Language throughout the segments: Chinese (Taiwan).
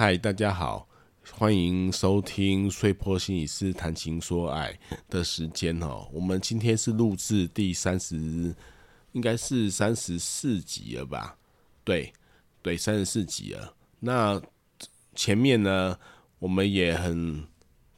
嗨，Hi, 大家好，歡迎收聽穗波心理師談情說愛的時間哦。我們今天是錄製第三十，應該是三十四集了吧？對，對，三十四集了。那前面呢，我們也很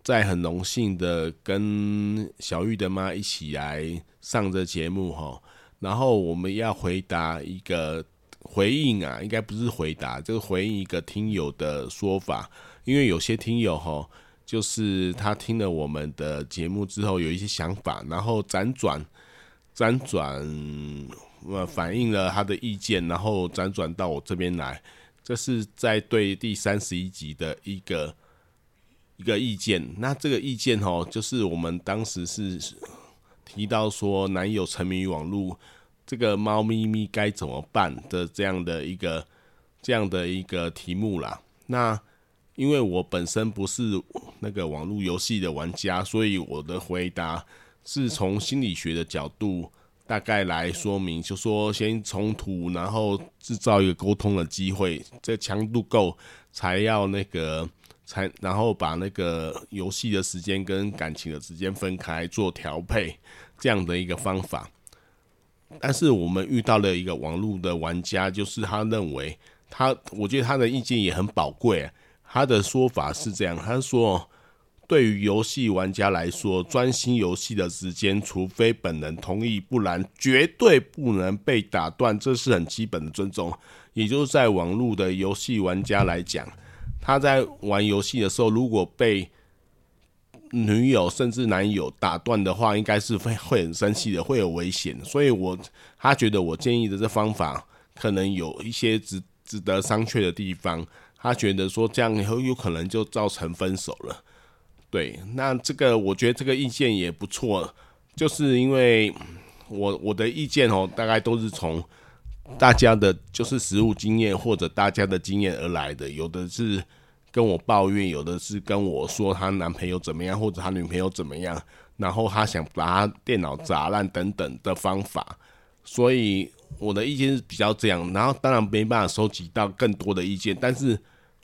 在很榮幸的跟小玉的媽一起來上這節目哈。然後我們要回答一個。回應啊，應該不是回答，就是回應一個聽友的說法。因為有些聽友哈，就是他聽了我們的節目之後有一些想法，然後輾轉輾轉呃、反映了他的意見，然後輾轉到我這邊來。這是在對第三十一集的一個一個意見。那這個意見哈，就是我們當時是提到說，男友沉迷於網絡。這個貓咪咪該怎麼辦的這樣的一個這樣的一個題目啦。那因為我本身不是那個網絡遊戲的玩家，所以我的回答是從心理學的角度大概來說明，就說先衝突，然後製造一個溝通的機會，這強度夠才要那個才，然後把那個遊戲的時間跟感情的時間分開做調配，這樣的一個方法。但是我們遇到了一個網絡的玩家，就是他認為他，他我覺得他的意見也很寶貴啊，他的說法是這樣，他說，對於遊戲玩家來說，專心遊戲的時間，除非本人同意，不然絕對不能被打斷，這是很基本的尊重。也就是在網絡的遊戲玩家來講，他在玩遊戲的時候，如果被女友甚至男友打斷的話，應該是會會很生氣的，會有危險。所以我，我他覺得我建議的這方法可能有一些值值得商榷的地方。他覺得說這樣很有可能就造成分手了。對，那這個我覺得這個意見也不錯。就是因為我我的意見哦，大概都是從大家的就是實務經驗或者大家的經驗而來的，有的是。跟我抱怨，有的是跟我說她男朋友怎麼樣，或者她女朋友怎麼樣，然後她想把她電腦砸爛等等的方法。所以我的意見是比較這樣，然後當然沒辦法收集到更多的意見，但是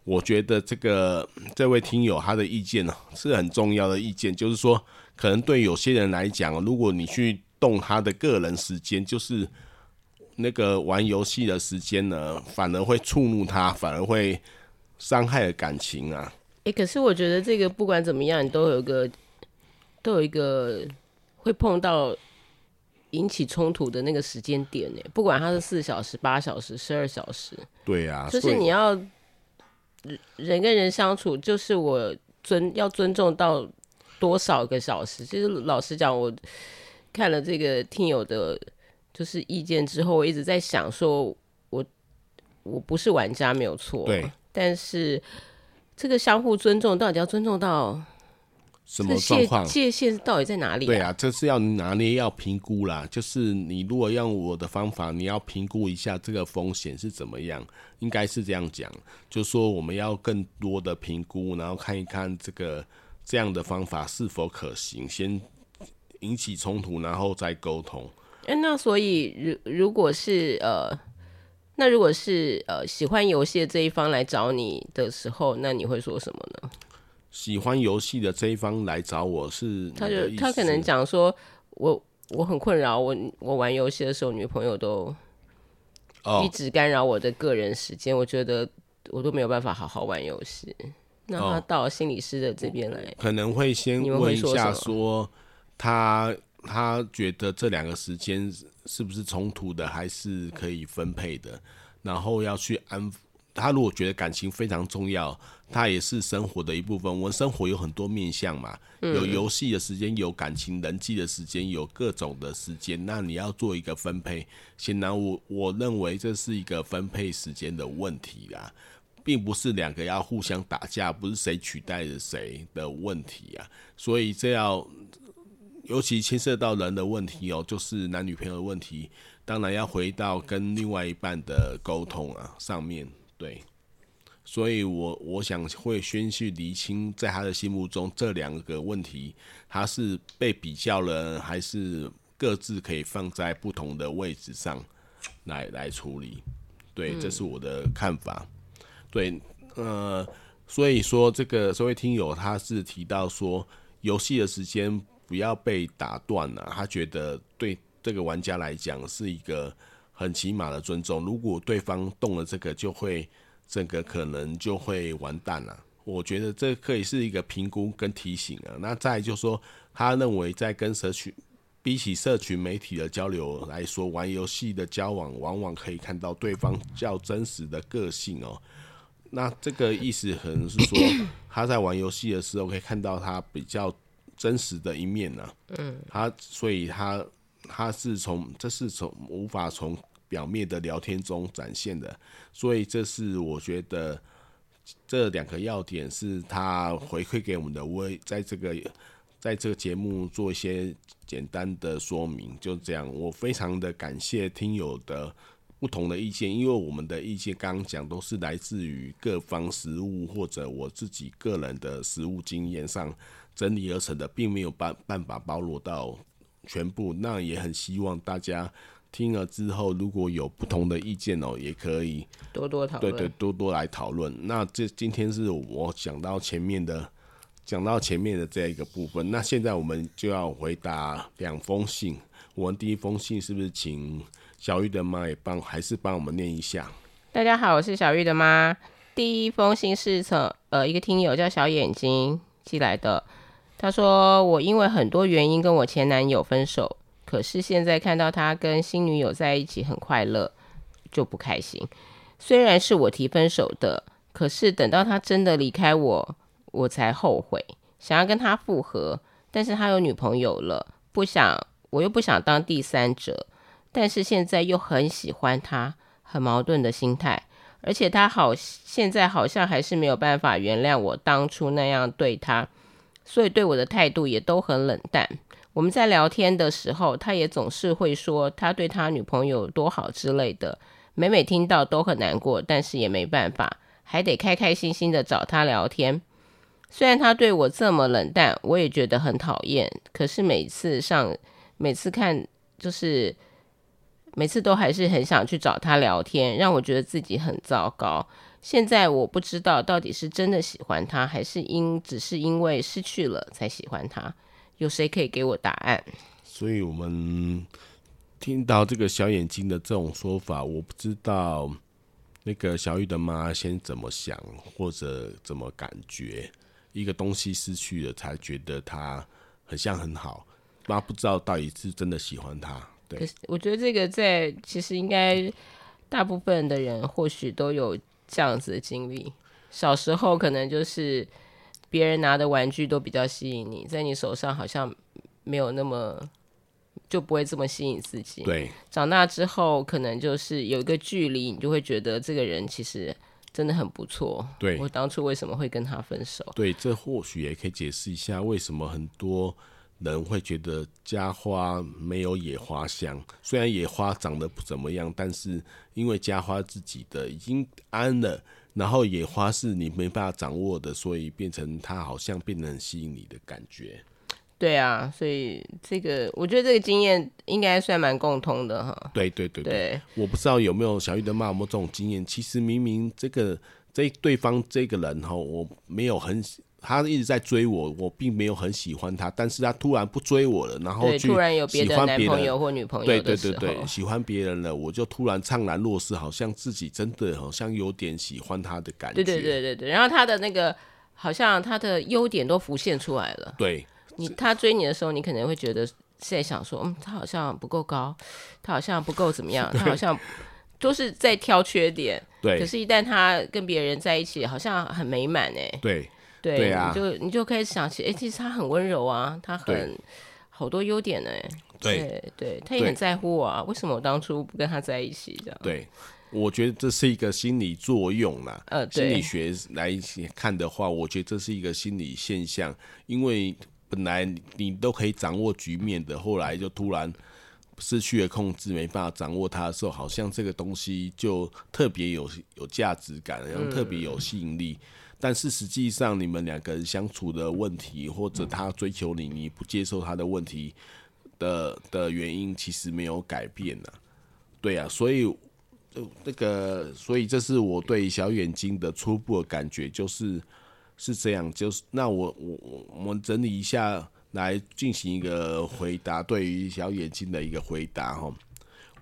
我覺得這個這位聽友他的意見呢是很重要的意見，就是說可能對有些人來講，如果你去動他的個人時間，就是那個玩遊戲的時間呢，反而會觸怒他，反而會。傷害了感情啊！哎，可是我覺得這個不管怎麼樣，你都有一個都有一個會碰到，引起衝突的那個時間點呢。不管它是四小時、八小時、十二小時，對呀，就是你要人跟人相處，就是我尊要尊重到多少個小時？其實老實講，我看了這個聽友的，就是意見之後，我一直在想說我，我我不是玩家，沒有錯啊。對。但是，這個相互尊重到底要尊重到什麼狀況？界限到底在哪裡啊？對啊，這是要拿捏要評估啦。就是你如果用我的方法，你要評估一下這個風險是怎麼樣，應該是這樣講。就是說我們要更多的評估，然後看一看這個這樣的方法是否可行。先引起衝突，然後再溝通。哎、呃，那所以如如果是呃。那如果是呃喜歡遊戲的這一方來找你的時候，那你會說什麼呢？喜歡遊戲的這一方來找我，是的，他就他可能講說，我我很困擾，我我玩遊戲的時候，女朋友都一直干擾我的個人時間，哦，我覺得我都沒有辦法好好玩遊戲。那他到心理師的這邊來，可能會先問一下說，說他他覺得這兩個時間。是不是衝突的還是可以分配的？然後要去安撫他。如果覺得感情非常重要，他也是生活的一部分。我們生活有很多面向嘛，嗯、有遊戲的時間，有感情人際的時間，有各種的時間。那你要做一個分配。顯然我我認為這是一個分配時間的問題啊，並不是兩個要互相打架，不是誰取代了誰的問題啊。所以這要。尤其牽涉到人的問題哦，就是男女朋友的問題，當然要回到跟另外一半的溝通啊上面對。所以我我想會先去釐清，在他的心目中這兩個問題，他是被比較了，還是各自可以放在不同的位置上來來處理？對，嗯，這是我的看法。對，呃，所以說這個這位聽友他是提到說遊戲的時間。不要被打斷了、啊，他覺得對這個玩家來講是一個很起碼的尊重。如果對方動了這個，就會整個可能就會完蛋了、啊。我覺得這可以是一個評估跟提醒啊。那再就是說，他認為在跟社群比起社群媒體的交流來說，玩遊戲的交往往往可以看到對方較真實的個性哦、喔。那這個意思可能是說，他在玩遊戲的時候可以看到他比較。真實的一面呢？嗯，他所以他他是從這是從無法從表面的聊天中展現的，所以這是我覺得這兩個要點是他回饋給我們的。我，在這個在這個節目做一些簡單的說明，就這樣。我非常的感謝聽友的不同的意見，因為我們的意見剛剛講都是來自於各方實務，或者我自己個人的實務經驗上。整理而成的，並沒有辦辦法包羅到全部。那也很希望大家聽了之後，如果有不同的意見哦、喔，也可以多多討論。對，對對，多多來討論。那這今天是我講到前面的，講到前面的這一個部分。那現在我們就要回答兩封信。我們第一封信是不是請小玉的媽也幫，還是幫我們念一下？大家好，我是小玉的媽。第一封信是從呃一個聽友叫小眼睛寄來的。他說：“我因為很多原因跟我前男友分手，可是現在看到他跟新女友在一起很快樂，就不開心。雖然是我提分手的，可是等到他真的離開我，我才後悔，想要跟他復合。但是他有女朋友了，不想，我又不想當第三者，但是現在又很喜歡他，很矛盾的心態。而且他好，現在好像還是沒有辦法原諒我當初那樣對他。”所以對我的態度也都很冷淡。我們在聊天的時候，他也總是會說他對他女朋友多好之類的，每每聽到都很難過，但是也沒辦法，還得開開心心的找他聊天。雖然他對我這麼冷淡，我也覺得很討厭，可是每次上，每次看，就是每次都還是很想去找他聊天，讓我覺得自己很糟糕。現在我不知道到底是真的喜歡他，還是因只是因為失去了才喜歡他。有誰可以給我答案？所以我們聽到這個小眼睛的這種說法，我不知道那個小玉的媽先怎麼想，或者怎麼感覺，一個東西失去了才覺得他很像很好。媽不知道到底是真的喜歡他。對，可是我覺得這個在其實應該大部分的人或許都有。這樣子的經歷，小時候可能就是別人拿的玩具都比較吸引你，在你手上好像沒有那麼，就不會這麼吸引自己。對，長大之後可能就是有一個距離，你就會覺得這個人其實真的很不錯。對，我當初為什麼會跟他分手？對，這或許也可以解釋一下為什麼很多。人會覺得家花沒有野花香，雖然野花長得不怎麼樣，但是因為家花自己的已經安了，然後野花是你沒辦法掌握的，所以變成它好像變得很吸引你的感覺。對啊，所以這個我覺得這個經驗應該算蠻共通的哈。對對對對，對我不知道有沒有小玉的媽有沒有這種經驗，其實明明這個這對方這個人哈，我沒有很。他一直在追我，我並沒有很喜歡他，但是他突然不追我了，然後對，突然有別的男朋友或女朋友對，對對對，對喜歡別人了，我就突然悵然若失，好像自己真的好像有點喜歡他的感覺，對對對對，然後他的那個好像他的優點都浮現出來了，對。你他追你的時候，你可能會覺得現在想說，嗯，他好像不夠高，他好像不夠怎麼樣，對，他好像都是在挑缺點，對。可是，一旦他跟別人在一起，好像很美滿欸，對。對，對啊，你就你就可以想起，哎、欸，其實他很溫柔啊，他很對好多優點呢、欸。對對，對，他也很在乎我啊。對為什麼我當初不跟他在一起這樣？對，我覺得這是一個心理作用啦。呃，對心理學來看的話，我覺得這是一個心理現象，因為本來你都可以掌握局面的，後來就突然失去了控制，沒辦法掌握它的時候，好像這個東西就特別有有價值感，然後特別有吸引力。嗯但是實際上，你們兩個人相處的問題，或者他追求你，你不接受他的問題的的原因，其實沒有改變了。對呀、啊，所以，那、呃這個，所以這是我對小眼睛的初步的感覺，就是是這樣。就是那我我我，我們整理一下，來進行一個回答，對於小眼睛的一個回答哦，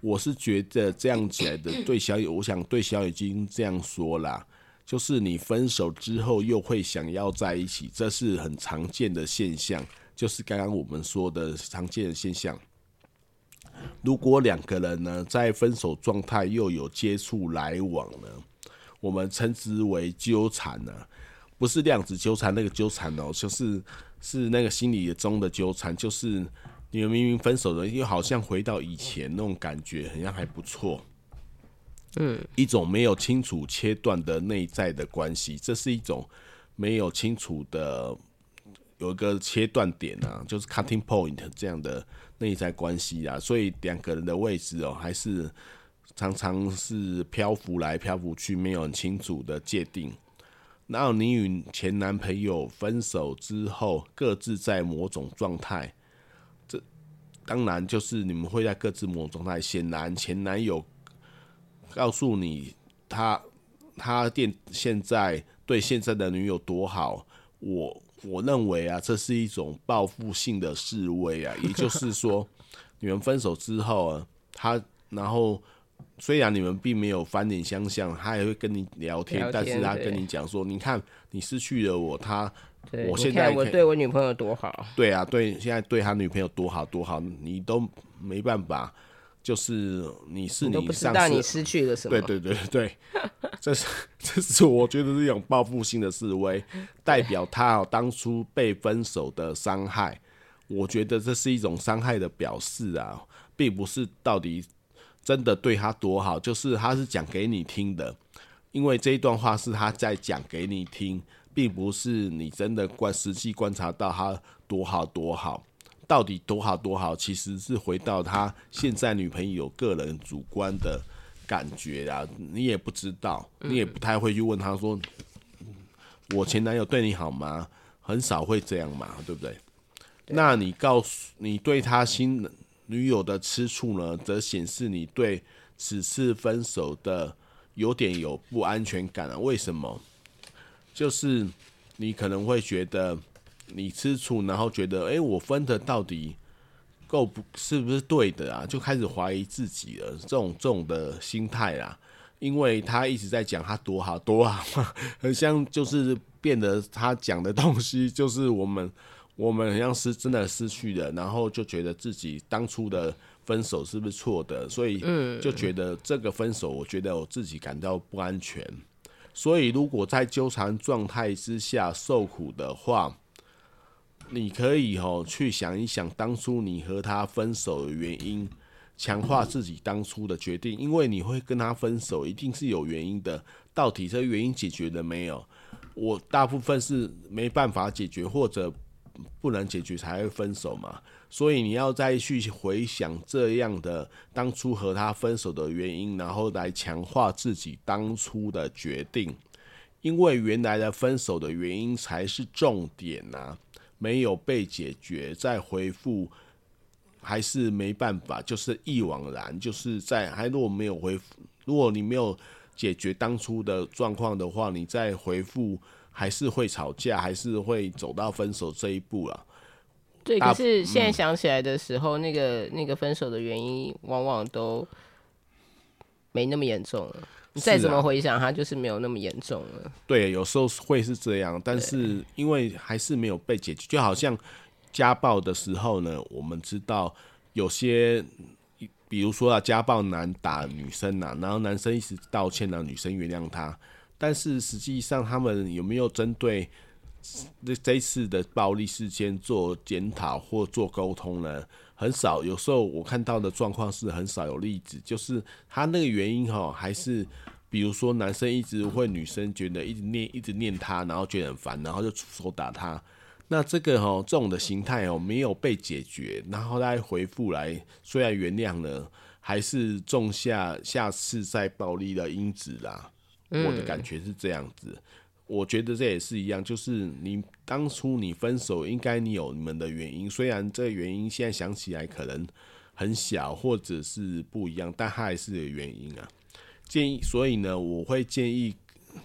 我是覺得這樣子來的，對小眼，我想對小眼睛這樣說啦。就是你分手之後又會想要在一起，這是很常見的現象，就是剛剛我們說的常見的現象。如果兩個人呢在分手狀態又有接觸來往呢，我們稱之為糾纏呢啊，不是量子糾纏那個糾纏哦，就是是那個心理中的糾纏，就是你們明明分手了，又好像回到以前那種感覺，好像還不錯。嗯，一種沒有清楚切斷的內在的關係，這是一種沒有清楚的有一個切斷點啊，就是 cutting point 這樣的內在關係啊，所以兩個人的位置哦、喔，還是常常是漂浮來漂浮去，沒有很清楚的界定。然後你與前男朋友分手之後，各自在某種狀態，這當然就是你們會在各自某種狀態。顯然，前男友。告訴你，他他店，現在對現在的女友多好，我我認為啊，這是一種報復性的示威啊，也就是說， 你們分手之後啊，他然後雖然你們並沒有翻臉相向，他也會跟你聊天，聊天，但是他跟你講說，對你看你失去了我，他對我現在我對我女朋友多好，對啊，對，現在對他女朋友多好多好，你都沒辦法。就是你是你，上次失去了什麼？對對對對，這是，這是我覺得是一種報復性的示威，代表他當初被分手的傷害。我覺得這是一種傷害的表示啊，並不是到底真的對他多好，就是他是講給你聽的，因為這一段話是他在講給你聽，並不是你真的觀實際觀察到他多好多好。到底多好多好，其實是回到他現在女朋友個人主觀的感覺啊，你也不知道，你也不太會去問他說，嗯，我前男友對你好嗎？很少會這樣嘛，對不對？對啊，那你告訴你對他新女友的吃醋呢，則顯示你對此次分手的有點有不安全感啊。為什麼？就是你可能會覺得。你吃醋，然後覺得，哎、欸，我分的到底夠不，是不是對的啊？就開始懷疑自己了，這種這種的心態啦。因為他一直在講他多好多好嘛，很像就是變得他講的東西，就是我們我們很像是真的失去了，然後就覺得自己當初的分手是不是錯的？所以就覺得這個分手，我覺得我自己感到不安全。所以如果在糾纏狀態之下受苦的話，你可以哈、哦、去想一想當初你和他分手的原因，強化自己當初的決定，因為你會跟他分手一定是有原因的。到底這原因解決了沒有？我大部分是沒辦法解決或者不能解決才會分手嘛。所以你要再去回想這樣的當初和他分手的原因，然後來強化自己當初的決定，因為原來的分手的原因才是重點吶、啊。沒有被解決，再回復還是沒辦法，就是一往然，就是在還。如果沒有回復，如果你沒有解決當初的狀況的話，你再回復還是會吵架，還是會走到分手這一步了。對，啊、可是現在想起來的時候，那個、嗯、那個分手的原因往往都沒那麼嚴重了、啊。你再怎麼回想，啊、他就是沒有那麼嚴重了。對，有時候會是這樣，但是因為還是沒有被解決。對就好像家暴的時候呢，我們知道有些，比如說啊，家暴男打女生啊，然後男生一直道歉，讓女生原諒他。但是實際上，他們有沒有針對這這次的暴力事件做檢討或做溝通呢？很少，有時候我看到的狀況是很少有例子，就是他那個原因哈、喔，還是比如說男生一直會女生覺得一直念一直念他，然後覺得很煩，然後就出手打他。那這個哈、喔、這種的形態哦、喔、沒有被解決，然後他回復來雖然原諒了，還是種下下次再暴力的因子啦。嗯、我的感覺是這樣子。我覺得這也是一樣，就是你當初你分手，應該你有你們的原因，雖然這原因現在想起來可能很小或者是不一樣，但還是有原因啊。建議，所以呢，我會建議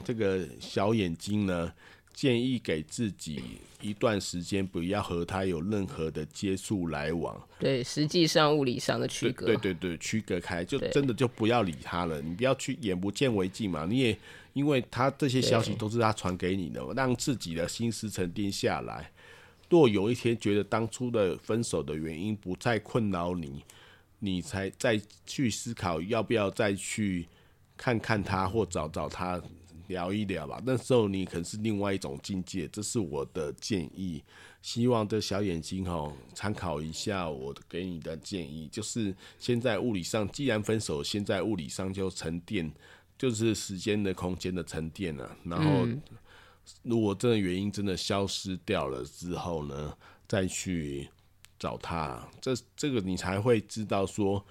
這個小眼睛呢，建議給自己一段時間，不要和他有任何的接觸來往。對，實際上物理上的區隔，對對對，區隔開，就真的就不要理他了，對你不要去眼不見為淨嘛，你也。因為他這些消息都是他傳給你的，讓自己的心思沉澱下來。若有一天覺得當初的分手的原因不再困擾你，你才再去思考要不要再去看看他或找找他聊一聊吧。那時候你可能是另外一種境界，這是我的建議。希望這小眼睛哦，參考一下我給你的建議，就是先在物理上，既然分手，先在物理上就沉澱。就是時間的空間的沉澱了、啊。然後，如果這個原因真的消失掉了之後呢，嗯、再去找他、啊，這這個你才會知道說，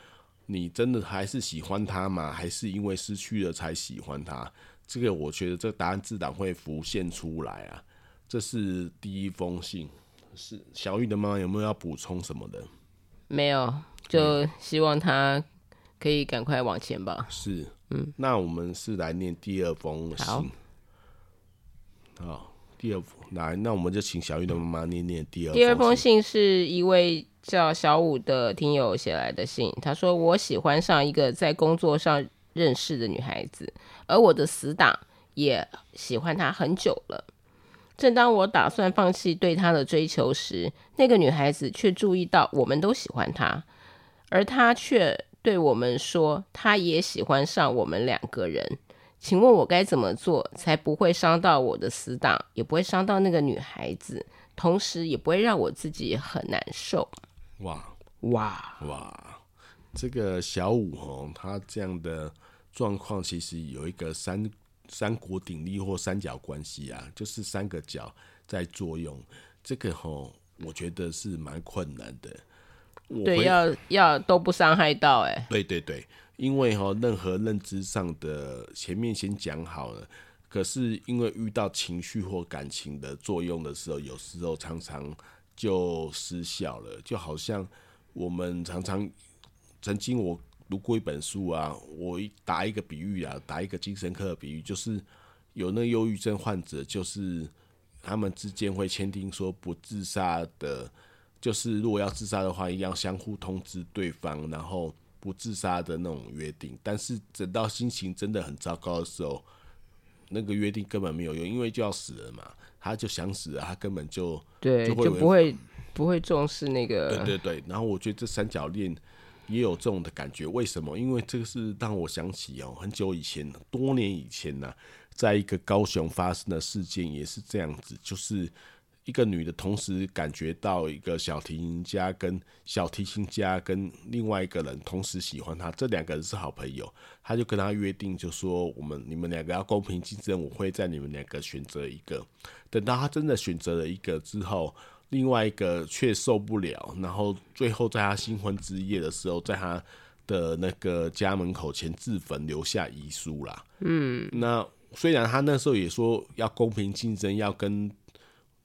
你真的還是喜歡他嗎？還是因為失去了才喜歡他？這個我覺得這答案自然會浮現出來啊。這是第一封信，是小玉的媽媽，有沒有要補充什麼的？沒有，就希望他可以趕快往前吧。嗯、是。嗯，那我們是來念第二封信好。好，第二封來，那我們就請小玉的媽媽念念第二第二封信，第二封信是一位叫小五的聽友寫來的信。他說：“我喜歡上一個在工作上認識的女孩子，而我的死黨也喜歡她很久了。正當我打算放棄對她的追求時，那個女孩子卻注意到我們都喜歡她，而她卻……”對我們說，他也喜歡上我們兩個人，請問我該怎麼做才不會傷到我的死黨，也不會傷到那個女孩子，同時也不會讓我自己很難受？哇哇哇！這個小五吼，他這樣的狀況其實有一個三三國鼎立或三角關係啊，就是三個角在作用，這個吼，我覺得是蠻困難的。對，要要都不傷害到哎、欸。對對對，因為哈、哦，任何認知上的前面先講好了，可是因為遇到情緒或感情的作用的時候，有時候常常就失效了。就好像我們常常曾經我讀過一本書啊，我打一個比喻啊，打一個精神科的比喻，就是有那憂鬱症患者，就是他們之間會簽訂說不自殺的。就是如果要自殺的話，一定要相互通知對方，然後不自殺的那種約定。但是，等到心情真的很糟糕的時候，那個約定根本沒有用，因為就要死了嘛。他就想死了，他根本就對就，就不會不會重視那個。對對對。然後我覺得這三角戀也有這種的感覺。為什麼？因為這個是讓我想起哦、喔，很久以前，多年以前呢、啊，在一個高雄發生的事件也是這樣子，就是。一個女的，同時感覺到一個小提琴家跟小提琴家跟另外一個人同時喜歡她，這兩個人是好朋友，他就跟他約定，就說我們你們兩個要公平競爭，我會在你們兩個選擇一個。等到他真的選擇了一個之後，另外一個卻受不了，然後最後在他新婚之夜的時候，在他的那個家門口前自焚，留下遺書啦。嗯，那雖然他那時候也說要公平競爭，要跟。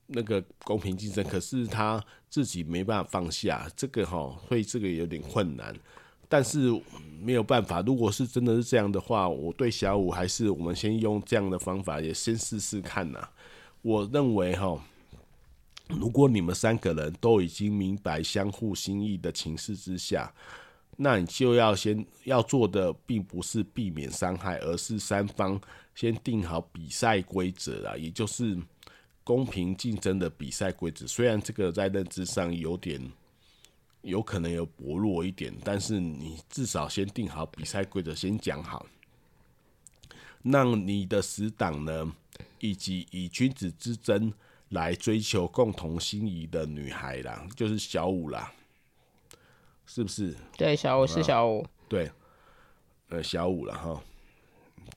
那個公平競爭，可是他自己沒辦法放下這個哈、哦，會這個有點困難，但是沒有辦法。如果是真的是這樣的話，我對小玉還是我們先用這樣的方法也先試試看吶、啊。我認為哈、哦，如果你們三個人都已經明白相互心意的情勢之下，那你就要先要做的，並不是避免傷害，而是三方先定好比賽規則啦、啊，也就是。公平競爭的比賽規則，雖然這個在認知上有點有可能有薄弱一點，但是你至少先定好比賽規則，先講好，讓你的死黨呢，以及以君子之爭來追求共同心儀的女孩啦，就是小五啦，是不是？對，小五是小五，嗯、對，呃，小五啦哈，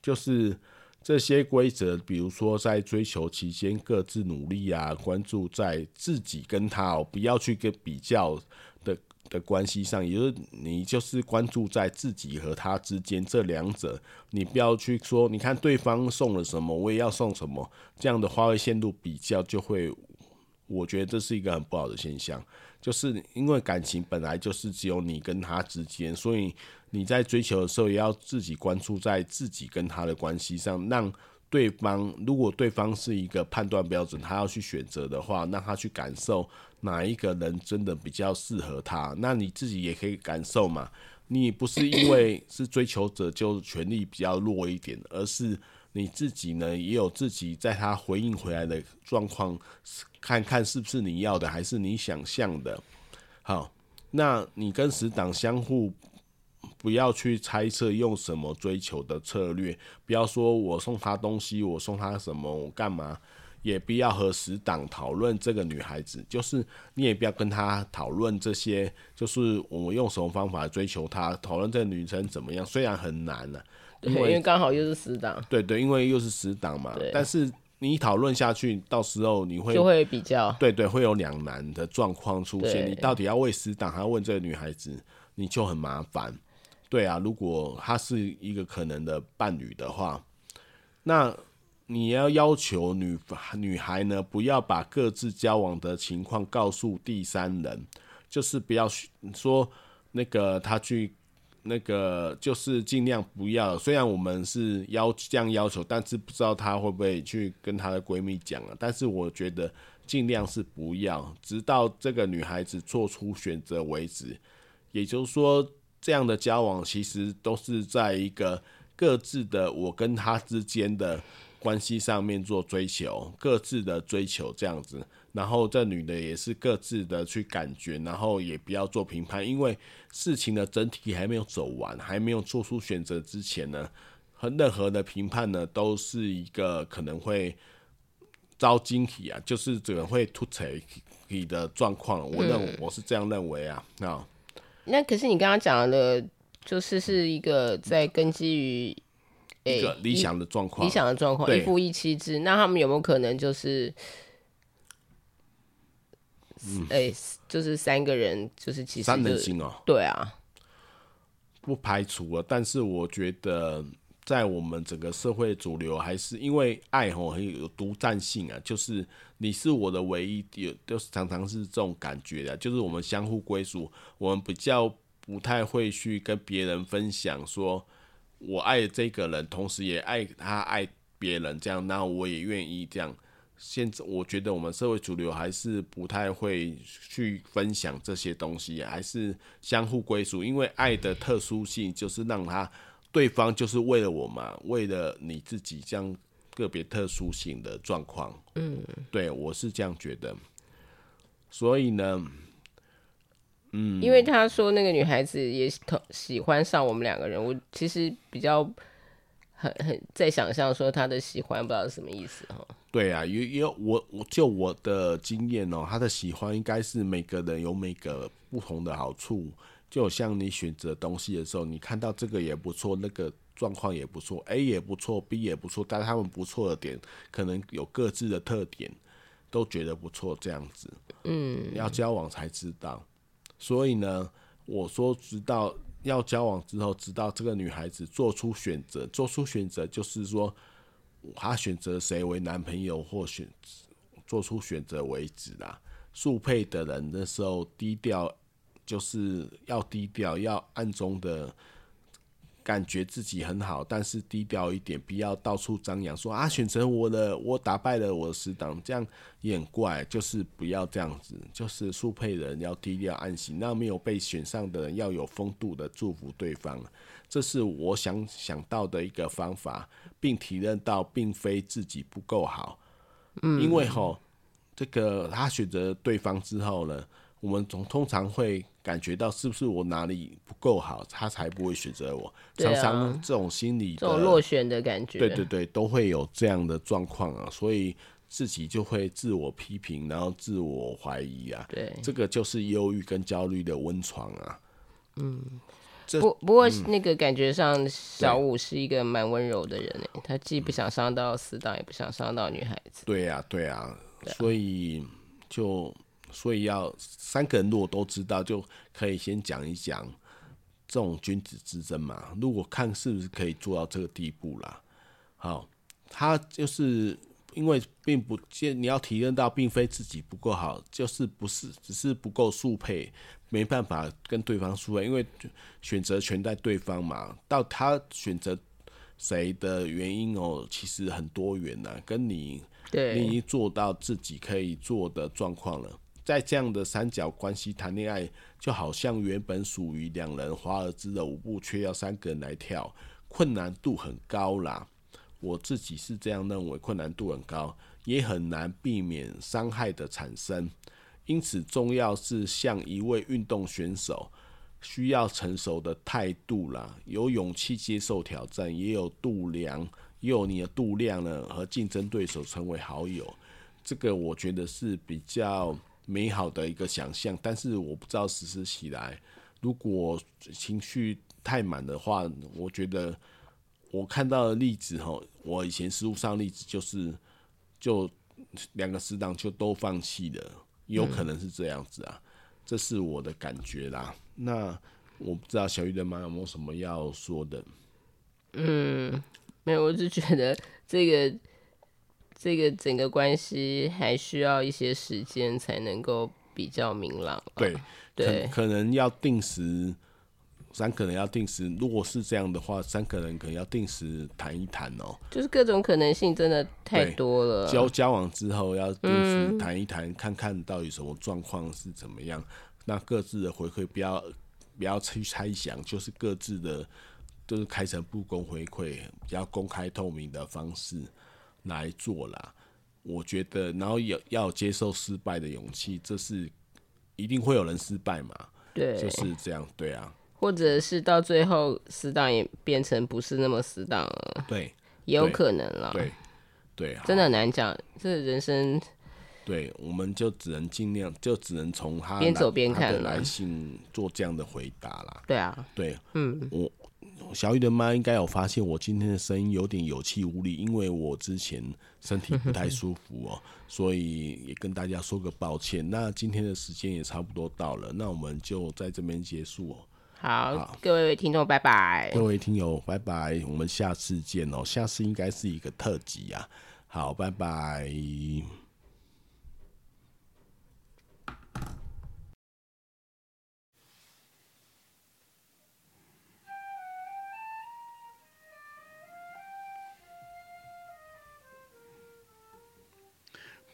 就是。這些規則，比如說在追求期間各自努力啊，關注在自己跟他哦，不要去跟比較的的關係上，也就是你就是關注在自己和他之間這兩者，你不要去說，你看對方送了什麼，我也要送什麼，這樣的話會陷入比較就會。我覺得這是一個很不好的現象，就是因為感情本來就是只有你跟他之間，所以你在追求的時候也要自己關注在自己跟他的關係上，讓對方，如果對方是一個判斷標準，他要去選擇的話，讓他去感受哪一個人真的比較適合他，那你自己也可以感受嘛。你不是因為是追求者就權力比較弱一點，而是。你自己呢，也有自己在他回應回來的狀況，看看是不是你要的，還是你想象的。好，那你跟死黨相互不要去猜測用什麼追求的策略，不要說我送她東西，我送她什麼，我幹嘛，也不要和死黨討論這個女孩子，就是你也不要跟她討論這些，就是我們用什麼方法追求她，討論這個女生怎麼樣，雖然很難了啊。對因為，因為剛好又是死黨，對對，因為又是死黨嘛。對但是你一討論下去，到時候你會就會比較，對對，會有兩難的狀況出現。對你到底要為死黨，還要問這個女孩子，你就很麻煩。對啊，如果她是一個可能的伴侶的話，那你要要求女女孩呢，不要把各自交往的情況告訴第三人，就是不要說那個她去。那個就是盡量不要，雖然我們是要這樣要求，但是不知道她會不會去跟她的閨蜜講啊，但是我覺得盡量是不要，直到這個女孩子做出選擇為止。也就是說，這樣的交往其實都是在一個各自的我跟她之間的關係上面做追求，各自的追求這樣子。然後這女的也是各自的去感覺，然後也不要做評判，因為事情的整體還沒有走完，還沒有做出選擇之前呢，和任何的評判呢，都是一個可能會招驚喜啊，就是可能會突彩你的狀況。嗯、我認，我是這樣認為啊啊。哦、那可是你剛剛講的，就是是一個在根基於、嗯欸、一個理想的狀況，理想的狀況，對一夫一妻制。那他們有沒有可能就是？嗯，哎、欸，就是三個人，嗯、就是其實三人行哦、喔，對啊，不排除啊，但是我覺得在我們整個社會主流還是因為愛吼很有獨佔性啊，就是你是我的唯一，有就是常常是這種感覺的、啊，就是我們相互歸屬，我們比較不太會去跟別人分享說，說我愛這個人，同時也愛他愛別人，這樣，那我也願意這樣。現在我覺得我們社會主流還是不太會去分享這些東西啊，還是相互歸屬，因為愛的特殊性就是讓他，嗯，對方就是為了我嘛，為了你自己這樣個別特殊性的狀況。嗯，對我是這樣覺得。所以呢，嗯，因為他說那個女孩子也喜歡上我們兩個人，我其實比較。很很在想象說，他的喜歡不知道是什麼意思哦。吼，對啊，因因為我我就我的經驗哦、喔，他的喜歡應該是每個人有每個不同的好處。就像你選擇東西的時候，你看到這個也不錯，那個狀況也不錯，A 也不錯，B 也不錯，但他們不錯的點可能有各自的特點，都覺得不錯這樣子。嗯，嗯，要交往才知道。所以呢，我說直到要交往之後，直到這個女孩子做出選擇，做出選擇就是說，她選擇誰為男朋友，或選擇做出選擇為止啦。速配的人的時候低調，就是要低調，要暗中的。感覺自己很好，但是低調一點，不要到處張揚，說啊，選擇我的，我打敗了我的死黨，這樣也很怪，就是不要這樣子，就是速配的人要低調安心，那沒有被選上的人要有風度的祝福對方，這是我想想到的一個方法，並體認到並非自己不夠好，嗯，因為吼這個他選擇對方之後呢。我們總通常會感覺到是不是我哪裡不夠好，他才不會選擇我。啊、常常這種心理，這種落選的感覺，對對對，都會有這樣的狀況啊，所以自己就會自我批評，然後自我懷疑啊。對，這個就是憂鬱跟焦慮的溫床啊。嗯，這不不過那個感覺上，嗯、小五是一個蠻溫柔的人呢、欸。對他既不想傷到死黨，嗯、也不想傷到女孩子。對啊，對啊，對啊，所以就。所以要三個人如果都知道，就可以先講一講這種君子之爭嘛。如果看是不是可以做到這個地步啦，好，他就是因為並不見，你要體認到並非自己不夠好，就是不是只是不夠速配，沒辦法跟對方速配，因為選擇權在對方嘛。到他選擇誰的原因哦、喔，其實很多元吶，跟你你已經做到自己可以做的狀況了。在這樣的三角關係談戀愛，就好像原本屬於兩人華爾茲的舞步，却要三個人來跳，困難度很高啦。我自己是這樣認為，困難度很高，也很難避免傷害的產生。因此，重要是像一位運動選手，需要成熟的態度啦，有勇氣接受挑戰，也有度量，也有你的度量呢，和競爭對手成為好友。這個我覺得是比較。美好的一個想象，但是我不知道實施起來，如果情緒太滿的話，我覺得我看到的例子，齁，我以前實務上的例子就是，就兩個死黨就都放棄了，有可能是這樣子啊，嗯、這是我的感覺啦。那我不知道小玉的媽有沒有什麼要說的？嗯，沒有，我就覺得這個。這個整個關係還需要一些時間才能夠比較明朗。對，可可能要定時，對三個人要定時。如果是這樣的話，三個人可能要定時談一談哦。就是各種可能性真的太多了。交交往之後要定時談一談，嗯、看看到底什麼狀況是怎麼樣。那各自的回饋不要不要去猜想，就是各自的都、就是開誠布公回饋，比較公開透明的方式，來做啦，我覺得，然後有要接受失敗的勇氣，這是一定會有人失敗嘛？對，就是這樣，對啊。或者是到最後死黨也變成不是那麼死黨了，對，也有可能了，對，對，真的很難講，這人生，對，我們就只能盡量，就只能從他邊走邊看來做這樣的回答啦。對啊，對，嗯，我。小雨的媽應該有發現，我今天的聲音有點有氣無力，因為我之前身體不太舒服哦， 所以也跟大家說個抱歉。那今天的時間也差不多到了，那我們就在這邊結束哦。好，好各位聽眾，拜拜！各位聽友，拜拜！我們下次見哦，下次應該是一個特輯呀。好，拜拜。